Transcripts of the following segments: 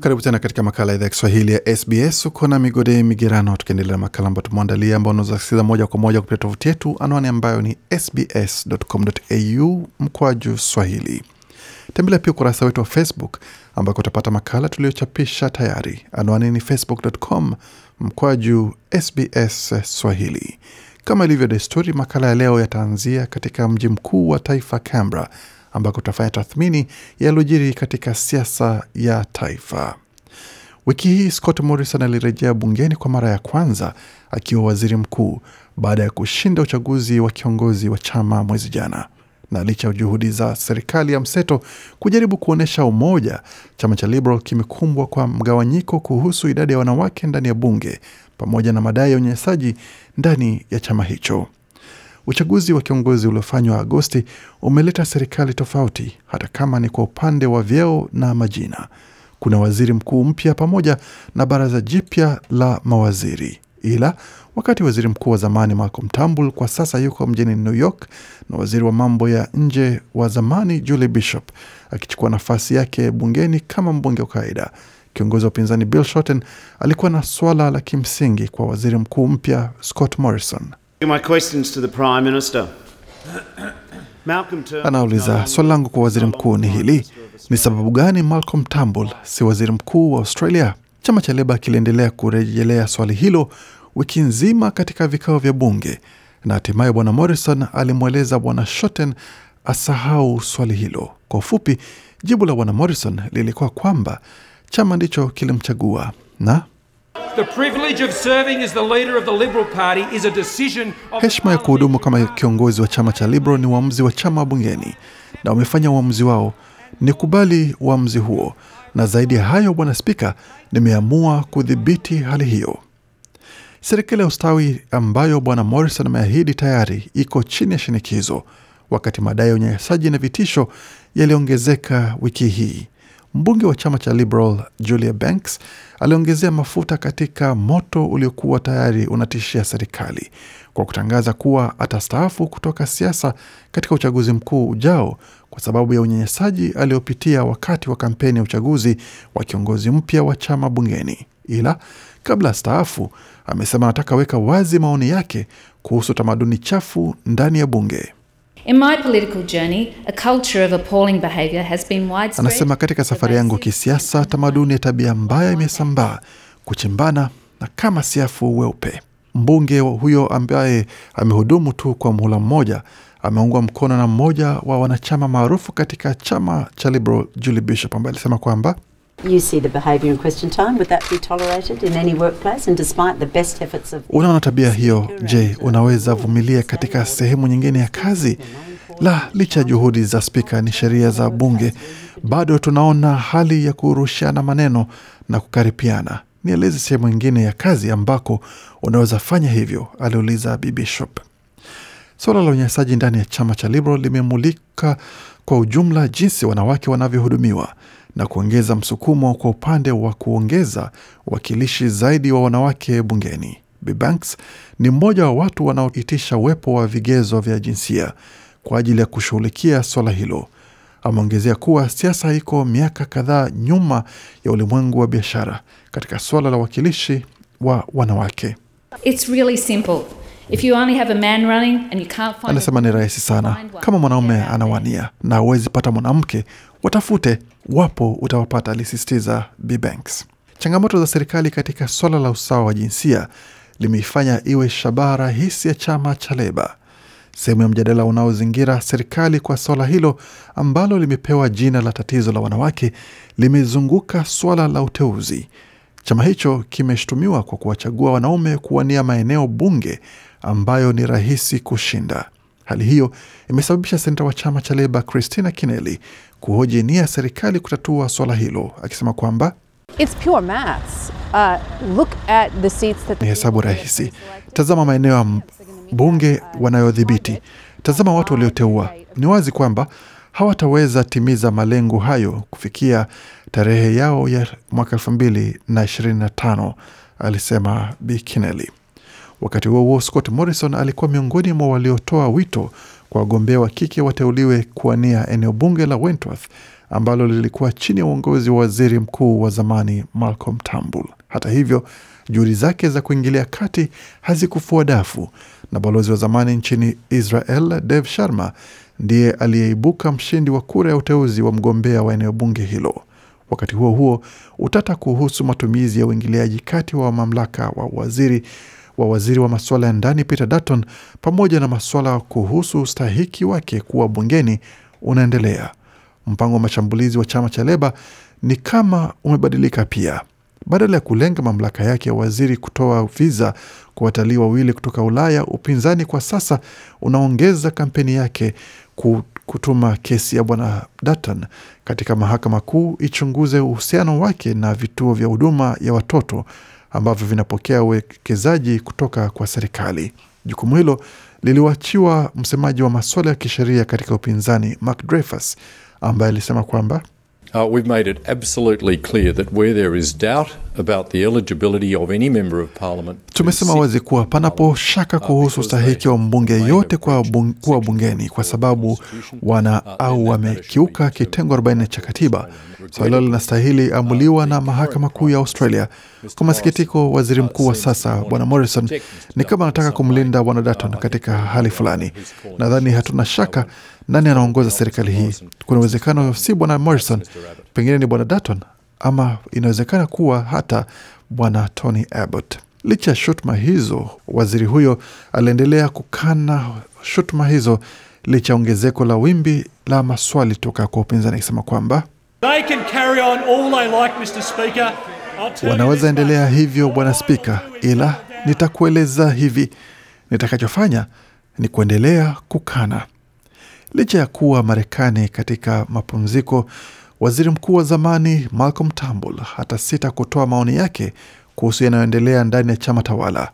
Karibu tena katika makala idhaa ya Kiswahili ya SBS. Uko na migode migerano, tukiendelea na makala ambayo tumeandalia, ambao unaweza kusikiliza moja kwa moja kupitia tovuti yetu, anwani ambayo ni sbs.com.au mkwaju swahili. Tembelea pia ukurasa wetu wa Facebook ambako utapata makala tuliochapisha tayari, anwani ni facebook.com mkwaju sbs swahili. Kama ilivyo desturi, makala ya leo yataanzia katika mji mkuu wa taifa Canberra, ambako utafanya tathmini yaliyojiri katika siasa ya taifa. Wiki hii Scott Morrison alirejea bungeni kwa mara ya kwanza akiwa waziri mkuu baada ya kushinda uchaguzi wa kiongozi wa chama mwezi jana. Na licha ya juhudi za serikali ya mseto kujaribu kuonyesha umoja, chama cha Liberal kimekumbwa kwa mgawanyiko kuhusu idadi ya wanawake ndani ya bunge pamoja na madai ya unyanyasaji ndani ya chama hicho. Uchaguzi wa kiongozi uliofanywa Agosti umeleta serikali tofauti, hata kama ni kwa upande wa vyeo na majina. Kuna waziri mkuu mpya pamoja na baraza jipya la mawaziri. Ila wakati waziri mkuu wa zamani Malcolm Turnbull kwa sasa yuko mjini New York na waziri wa mambo ya nje wa zamani Julie Bishop akichukua nafasi yake bungeni kama mbunge wa kawaida. Kiongozi wa upinzani Bill Shorten alikuwa na swala la kimsingi kwa waziri mkuu mpya Scott Morrison. Anauliza, swali langu kwa waziri mkuu ni hili: ni sababu gani Malcolm Turnbull si waziri mkuu wa Australia? Chama cha Leba kiliendelea kurejelea swali hilo wiki nzima katika vikao vya bunge na hatimaye bwana Morrison alimweleza bwana Shorten asahau swali hilo. Kwa ufupi, jibu la bwana Morrison lilikuwa kwamba chama ndicho kilimchagua na Heshima ya kuhudumu kama kiongozi wa chama cha Liberal ni uamuzi wa chama bungeni, na wamefanya uamuzi wao. Ni kubali uamuzi huo, na zaidi ya hayo, Bwana Spika, nimeamua kudhibiti hali hiyo. Serikali ya ustawi ambayo Bwana Morrison ameahidi tayari iko chini ya shinikizo, wakati madai ya unyanyasaji na vitisho yaliongezeka wiki hii. Mbunge wa chama cha Liberal Julia Banks aliongezea mafuta katika moto uliokuwa tayari unatishia serikali kwa kutangaza kuwa atastaafu kutoka siasa katika uchaguzi mkuu ujao kwa sababu ya unyanyasaji aliyopitia wakati wa kampeni ya uchaguzi wa kiongozi mpya wa chama bungeni. Ila kabla staafu, amesema anataka weka wazi maoni yake kuhusu tamaduni chafu ndani ya bunge. Anasema katika safari yangu kisiasa, tamaduni ya tabia mbaya imesambaa, kuchimbana na kama siafu weupe. Mbunge huyo ambaye amehudumu tu kwa muhula mmoja ameungwa mkono na mmoja wa wanachama maarufu katika chama cha Liberal, Julie Bishop, ambaye alisema kwamba Unaona tabia hiyo, je, unaweza vumilia katika sehemu nyingine ya kazi? La, licha ya juhudi za spika, ni sheria za bunge, bado tunaona hali ya kurushana maneno na kukaripiana. Nieleze sehemu nyingine ya kazi ambako unaweza fanya hivyo, aliuliza Bi Bishop. Suala la unyanyasaji ndani ya chama cha Liberal limemulika kwa ujumla jinsi wanawake wanavyohudumiwa na kuongeza msukumo kwa upande wa kuongeza wakilishi zaidi wa wanawake bungeni. Bibanks ni mmoja wa watu wanaoitisha uwepo wa vigezo vya jinsia kwa ajili ya kushughulikia swala hilo. Ameongezea kuwa siasa iko miaka kadhaa nyuma ya ulimwengu wa biashara katika swala la wakilishi wa wanawake. It's really simple. If you only have a man running and you can't find... Anasema ni rahisi sana, kama mwanaume anawania na awezi pata mwanamke, Watafute, wapo utawapata, alisisitiza B Banks. Changamoto za serikali katika swala la usawa wa jinsia limeifanya iwe shabaha rahisi ya chama cha Leba. Sehemu ya mjadala unaozingira serikali kwa swala hilo ambalo limepewa jina la tatizo la wanawake limezunguka swala la uteuzi. Chama hicho kimeshutumiwa kwa kuwachagua wanaume kuwania maeneo bunge ambayo ni rahisi kushinda. Hali hiyo imesababisha senta wa chama cha Leba Christina Kineli kuhoji nia ya serikali kutatua swala hilo, akisema kwamba ni hesabu rahisi. Tazama maeneo ya bunge wanayodhibiti, tazama watu walioteua. Ni wazi kwamba hawataweza timiza malengo hayo kufikia tarehe yao ya mwaka elfu mbili na ishirini na tano, alisema Bikineli. Wakati huo huo, Scott Morrison alikuwa miongoni mwa waliotoa wito kwa wagombea wa kike wateuliwe kuwania eneo bunge la Wentworth ambalo lilikuwa chini ya uongozi wa waziri mkuu wa zamani Malcolm Turnbull. Hata hivyo, juhudi zake za kuingilia kati hazikufua dafu, na balozi wa zamani nchini Israel Dev Sharma ndiye aliyeibuka mshindi wa kura ya uteuzi wa mgombea wa eneo bunge hilo. Wakati huo huo, utata kuhusu matumizi ya uingiliaji kati wa mamlaka wa waziri wa waziri wa masuala ya ndani Peter Dutton pamoja na masuala kuhusu ustahiki wake kuwa bungeni unaendelea. Mpango wa mashambulizi wa chama cha Leba ni kama umebadilika pia. Badala ya kulenga mamlaka yake ya waziri kutoa viza kwa watalii wawili kutoka Ulaya, upinzani kwa sasa unaongeza kampeni yake kutuma kesi ya bwana Dutton katika mahakama kuu ichunguze uhusiano wake na vituo vya huduma ya watoto ambavyo vinapokea uwekezaji kutoka kwa serikali. Jukumu hilo liliwachiwa msemaji wa maswala ya kisheria katika upinzani Mark Dreyfus, ambaye alisema kwamba uh, Tumesema wazi kuwa panapo shaka uh, kuhusu stahiki wa mbunge yote kuwa bung, bungeni kwa sababu uh, wana au wamekiuka kitengo 40 cha katiba, swala hilo linastahili uh, amuliwa na mahakama kuu ya Australia. Kwa masikitiko, waziri mkuu wa sasa Bwana Morrison ni kama anataka kumlinda Bwana Dutton katika hali fulani. Nadhani hatuna shaka nani anaongoza serikali hii. Kuna uwezekano si Bwana Morrison, pengine ni Bwana Dutton ama inawezekana kuwa hata bwana Tony Abbott. Licha ya shutuma hizo, waziri huyo aliendelea kukana shutuma hizo licha ya ongezeko la wimbi la maswali toka kwa upinzani, akisema kwamba wanaweza endelea hivyo bwana spika, ila nitakueleza hivi, nitakachofanya ni kuendelea kukana. Licha ya kuwa Marekani katika mapumziko Waziri mkuu wa zamani Malcolm Turnbull sita kutoa maoni yake kuhusu yanayoendelea ndani ya chama tawala.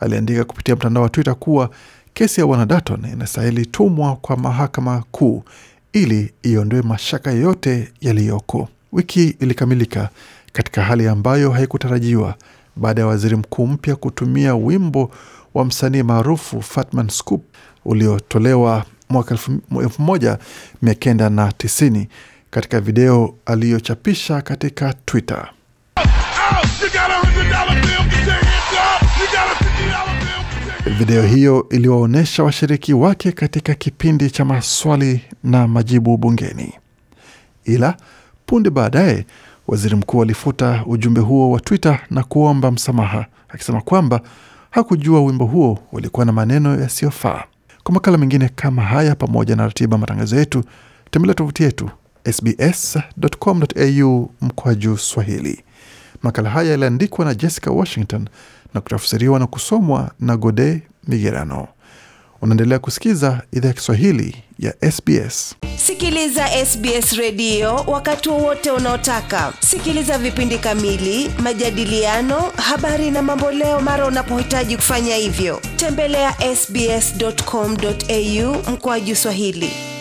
Aliandika kupitia mtandao wa Twitter kuwa kesi ya bwana Dutton inastahili tumwa kwa mahakama kuu ili iondoe mashaka yote yaliyoko. Wiki ilikamilika katika hali ambayo haikutarajiwa baada ya waziri mkuu mpya kutumia wimbo wa msanii maarufu Fatman Scoop uliotolewa mwaka 1990 katika video aliyochapisha katika Twitter. Video hiyo iliwaonyesha washiriki wake katika kipindi cha maswali na majibu bungeni, ila punde baadaye waziri mkuu alifuta ujumbe huo wa Twitter na kuomba msamaha akisema kwamba hakujua wimbo huo ulikuwa na maneno yasiyofaa. Kwa makala mengine kama haya, pamoja na ratiba matangazo yetu, tembelea tovuti yetu sbs.com.au mkwaju Swahili. Makala haya yaliandikwa na Jessica Washington na kutafsiriwa na kusomwa na Gode Migerano. Unaendelea kusikiza idhaa ya Kiswahili ya SBS. Sikiliza SBS redio wakati wowote unaotaka. Sikiliza vipindi kamili, majadiliano, habari na mamboleo mara unapohitaji kufanya hivyo. Tembelea ya sbs.com.au mkoaju Swahili.